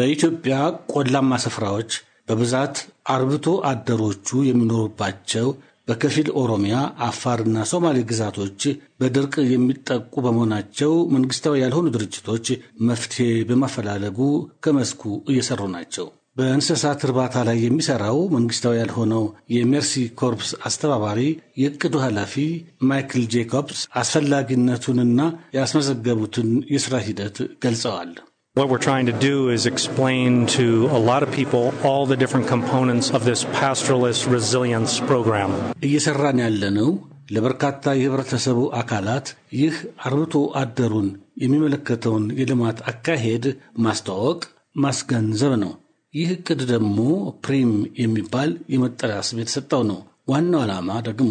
በኢትዮጵያ ቆላማ ስፍራዎች በብዛት አርብቶ አደሮቹ የሚኖሩባቸው በከፊል ኦሮሚያ፣ አፋርና ሶማሌ ግዛቶች በድርቅ የሚጠቁ በመሆናቸው መንግስታዊ ያልሆኑ ድርጅቶች መፍትሄ በማፈላለጉ ከመስኩ እየሰሩ ናቸው። በእንስሳት እርባታ ላይ የሚሰራው መንግስታዊ ያልሆነው የሜርሲ ኮርፕስ አስተባባሪ የእቅዱ ኃላፊ ማይክል ጄኮብስ አስፈላጊነቱንና ያስመዘገቡትን የሥራ ሂደት ገልጸዋል። What we're trying to do is explain to a lot of people all the different components of this pastoralist resilience program. እየሰራን ያለነው ለበርካታ የህብረተሰቡ አካላት ይህ አርብቶ አደሩን የሚመለከተውን የልማት አካሄድ ማስተዋወቅ፣ ማስገንዘብ ነው። ይህ እቅድ ደግሞ ፕሪም የሚባል የመጠሪያ ስም የተሰጠው ነው። ዋናው ዓላማ ደግሞ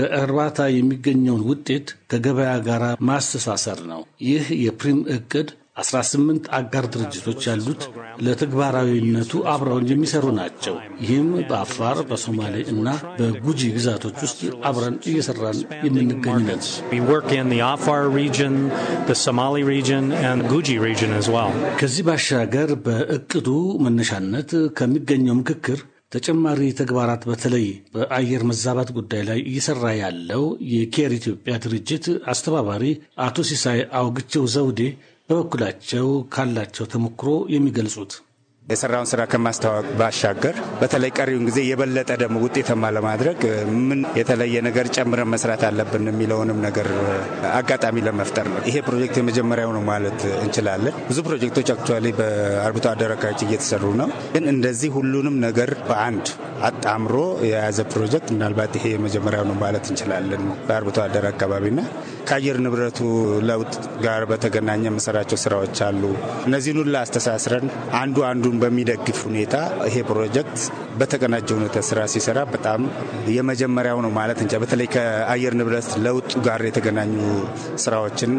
ከእርባታ የሚገኘውን ውጤት ከገበያ ጋር ማስተሳሰር ነው። ይህ የፕሪም እቅድ 18 አጋር ድርጅቶች ያሉት ለተግባራዊነቱ አብረውን የሚሰሩ ናቸው። ይህም በአፋር፣ በሶማሌ እና በጉጂ ግዛቶች ውስጥ አብረን እየሰራን የምንገኝ ነን። ከዚህ ባሻገር በእቅዱ መነሻነት ከሚገኘው ምክክር ተጨማሪ ተግባራት በተለይ በአየር መዛባት ጉዳይ ላይ እየሰራ ያለው የኬር ኢትዮጵያ ድርጅት አስተባባሪ አቶ ሲሳይ አውግቸው ዘውዴ በበኩላቸው ካላቸው ተሞክሮ የሚገልጹት የሰራውን ስራ ከማስተዋወቅ ባሻገር በተለይ ቀሪውን ጊዜ የበለጠ ደግሞ ውጤታማ ለማድረግ ምን የተለየ ነገር ጨምረን መስራት አለብን የሚለውንም ነገር አጋጣሚ ለመፍጠር ነው። ይሄ ፕሮጀክት የመጀመሪያው ነው ማለት እንችላለን። ብዙ ፕሮጀክቶች አክቹዋሊ በአርብቶ አደር እየተሰሩ ነው። ግን እንደዚህ ሁሉንም ነገር በአንድ አጣምሮ የያዘ ፕሮጀክት ምናልባት ይሄ የመጀመሪያው ነው ማለት እንችላለን በአርብቶ አደር አካባቢና ከአየር ንብረቱ ለውጥ ጋር በተገናኘ መሰራቸው ስራዎች አሉ። እነዚህን ሁላ አስተሳስረን አንዱ አንዱን በሚደግፍ ሁኔታ ይሄ ፕሮጀክት በተቀናጀ ሁኔታ ስራ ሲሰራ በጣም የመጀመሪያው ነው ማለት እንጂ በተለይ ከአየር ንብረት ለውጡ ጋር የተገናኙ ስራዎችን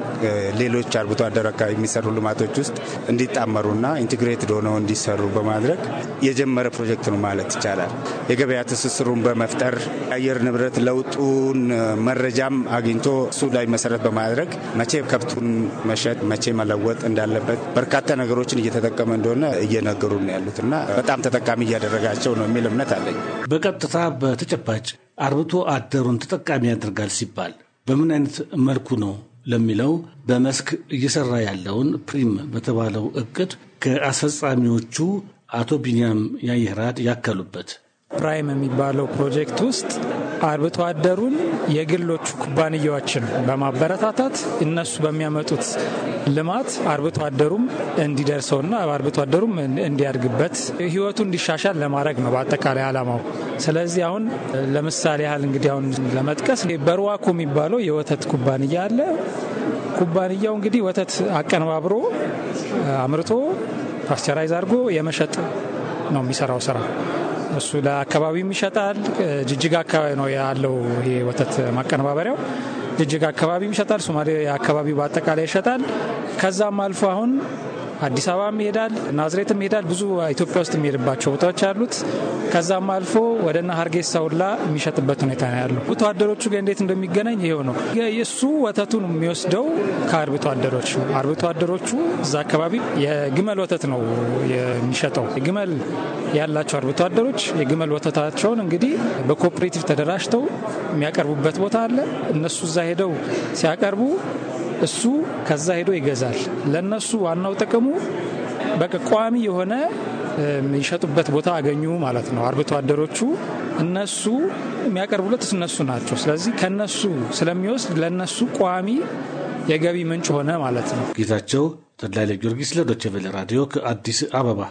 ሌሎች አርብቶ አደር አካባቢ የሚሰሩ ልማቶች ውስጥ እንዲጣመሩና ኢንቴግሬትድ ሆነው እንዲሰሩ በማድረግ የጀመረ ፕሮጀክት ነው ማለት ይቻላል። የገበያ ትስስሩን በመፍጠር የአየር ንብረት ለውጡን መረጃም አግኝቶ እሱ ላይ መሰረት በማድረግ መቼ ከብቱን መሸጥ መቼ መለወጥ እንዳለበት በርካታ ነገሮችን እየተጠቀመ እንደሆነ እየነገሩ ነው ያሉት እና በጣም ተጠቃሚ እያደረጋቸው ነው የሚል እምነት አለኝ። በቀጥታ በተጨባጭ አርብቶ አደሩን ተጠቃሚ ያደርጋል ሲባል በምን አይነት መልኩ ነው ለሚለው በመስክ እየሰራ ያለውን ፕሪም በተባለው እቅድ ከአስፈጻሚዎቹ አቶ ቢንያም ያየህራድ ያከሉበት ፕራይም የሚባለው ፕሮጀክት ውስጥ አርብቶ አደሩን የግሎቹ ኩባንያዎችን በማበረታታት እነሱ በሚያመጡት ልማት አርብቶ አደሩም እንዲደርሰውና አርብቶ አደሩም እንዲያድግበት ህይወቱ እንዲሻሻል ለማድረግ ነው በአጠቃላይ አላማው ስለዚህ አሁን ለምሳሌ ያህል እንግዲህ አሁን ለመጥቀስ በርዋኮ የሚባለው የወተት ኩባንያ አለ። ኩባንያው እንግዲህ ወተት አቀነባብሮ አምርቶ ፓስቸራይዝ አድርጎ የመሸጥ ነው የሚሰራው ስራ እሱ ለአካባቢም ይሸጣል። ጅጅጋ አካባቢ ነው ያለው ይሄ ወተት ማቀነባበሪያው። ጅጅጋ አካባቢም ይሸጣል፣ ሶማሌ አካባቢ በአጠቃላይ ይሸጣል። ከዛም አልፎ አሁን አዲስ አበባም ይሄዳል፣ ናዝሬትም ይሄዳል። ብዙ ኢትዮጵያ ውስጥ የሚሄድባቸው ቦታዎች አሉት። ከዛም አልፎ ወደና ሀርጌሳ ሁላ የሚሸጥበት ሁኔታ ነው ያለው። አርብቶ አደሮቹ ጋር እንዴት እንደሚገናኝ ይሄው ነው። የእሱ ወተቱን የሚወስደው ከአርብቶ አደሮች አርብቶ አደሮቹ እዛ አካባቢ የግመል ወተት ነው የሚሸጠው። ግመል ያላቸው አርብቶ አደሮች የግመል ወተታቸውን እንግዲህ በኮኦፕሬቲቭ ተደራጅተው የሚያቀርቡበት ቦታ አለ። እነሱ እዛ ሄደው ሲያቀርቡ እሱ ከዛ ሄዶ ይገዛል። ለነሱ ዋናው ጥቅሙ በቃ ቋሚ የሆነ የሚሸጡበት ቦታ አገኙ ማለት ነው። አርብቶ አደሮቹ እነሱ የሚያቀርቡለት እነሱ ናቸው። ስለዚህ ከነሱ ስለሚወስድ ለነሱ ቋሚ የገቢ ምንጭ ሆነ ማለት ነው። ጌታቸው ተድላ ለጊዮርጊስ ለዶቸቬለ ራዲዮ ከአዲስ አበባ